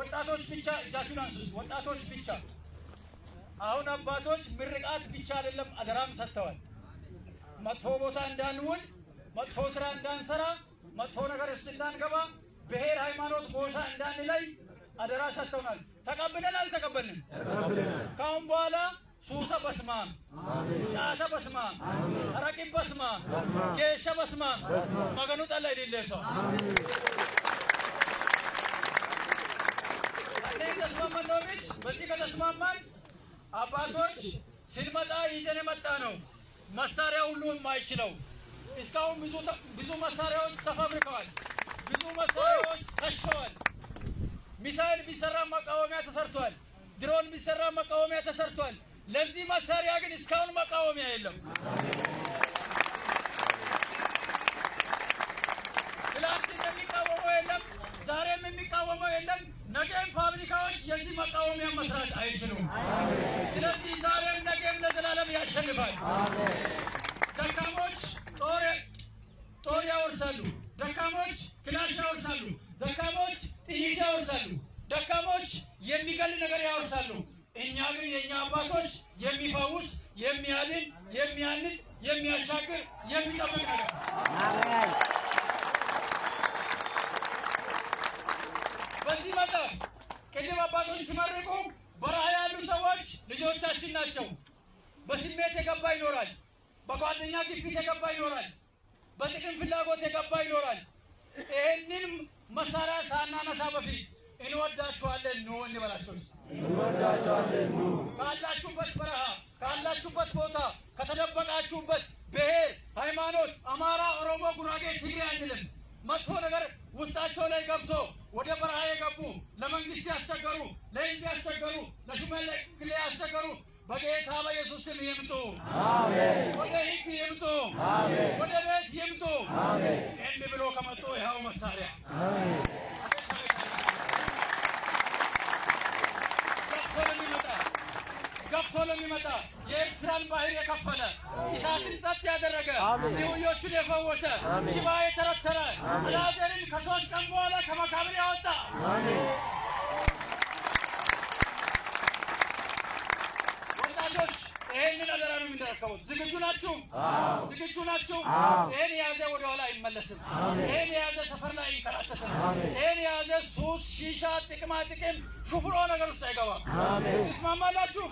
ወጣቶች ብቻ እጃችሁን አንሱ። ወጣቶች ብቻ አሁን አባቶች ምርቃት ብቻ አይደለም አደራም ሰጥተዋል። መጥፎ ቦታ እንዳንውል፣ መጥፎ ስራ እንዳንሰራ፣ መጥፎ ነገር ውስጥ እንዳንገባ፣ ብሔር፣ ሃይማኖት፣ ቦታ እንዳንለይ አደራ ሰጥተውናል። ተቀብለናል አልተቀበልንም? ከአሁን በኋላ ሱሰ በስማም፣ ጫተ በስማም፣ ረቂብ በስማም፣ ጌሸ በስማም መገኑ ጠላ የሌለ ሰው እንደ ተስማማን በዚህ ከተስማማን አባቶች ስንመጣ ይዘን የመጣ ነው መሳሪያ ሁሉ የማይችለው እስካሁን ብዙ መሳሪያዎች ተፋብርከዋል። ብዙ መሳሪያዎች ተሽተዋል። ሚሳይል ቢሰራ መቃወሚያ ተሰርቷል። ድሮን ቢሰራ መቃወሚያ ተሰርቷል። ለዚህ መሳሪያ ግን እስካሁን መቃወሚያ የለም። ትላንት የሚቃወመው የለም፣ ዛሬም የሚቃወመው የለም፣ ነገ የዚህ መቃወሚያ መስራት አይችሉም። ስለዚህ ዛሬም ነገም ለዘላለም ያሸንፋል። ደካሞች ጦር ያወርሳሉ፣ ደካሞች ክላሽ ያወርሳሉ፣ ደካሞች ጥይት ያወርሳሉ፣ ደካሞች የሚገል ነገር ያወርሳሉ። እኛ ግን የእኛ አባቶች የሚፈውስ የሚያድን የሚያንጽ የሚያሻግር የሚጠብቅ ነገር በዚህ መጽሐፍ ትምህርቱን ሲመርቁ በረሃ ያሉ ሰዎች ልጆቻችን ናቸው። በስሜት የገባ ይኖራል። በጓደኛ ግፊት የገባ ይኖራል። በጥቅም ፍላጎት የገባ ይኖራል። ይህንን መሳሪያ ሳናነሳ በፊት እንወዳችኋለን ኑ እንበላቸው። እንወዳችኋለን ኑ ካላችሁበት በረሃ ካላችሁበት ቦታ ከተደበቃችሁበት ብሔር፣ ሃይማኖት፣ አማራ፣ ኦሮሞ፣ ጉራጌ፣ ትግሬ አንልም። መጥፎ ነገር ውስጣቸው ላይ ገብቶ ወደ በረሃ የገቡ ለመንግስት ያስቸገሩ፣ ለህዝብ ያስቸገሩ፣ ለሽመለክል ያስቸገሩ በጌታ በኢየሱስ ስም ይምጡ። ወደ ህግ ይምጡ። ወደ ቤት ይምጡ። እንዲህ ብሎ ከመጡ ይኸው መሳሪያ አብሶሎ የሚመጣ የኤርትራን ባህር የከፈለ ኢሳትን ጸጥ ያደረገ ድውዮቹን የፈወሰ ሽባ የተረተረ አልዓዛርን ከሶስት ቀን በኋላ ከመቃብር ያወጣ ይህንን አደራ ነው የምንረከቡት። ዝግጁ ናችሁ? ዝግጁ ናችሁ? ይህን የያዘ ወደኋላ አይመለስም። ይህን የያዘ ሰፈር ላይ አይንከራተትም። ይህን የያዘ ሱስ፣ ሺሻ፣ ጥቅማ ጥቅም፣ ሹፍሮ ነገር ውስጥ አይገባም። ትስማማላችሁ?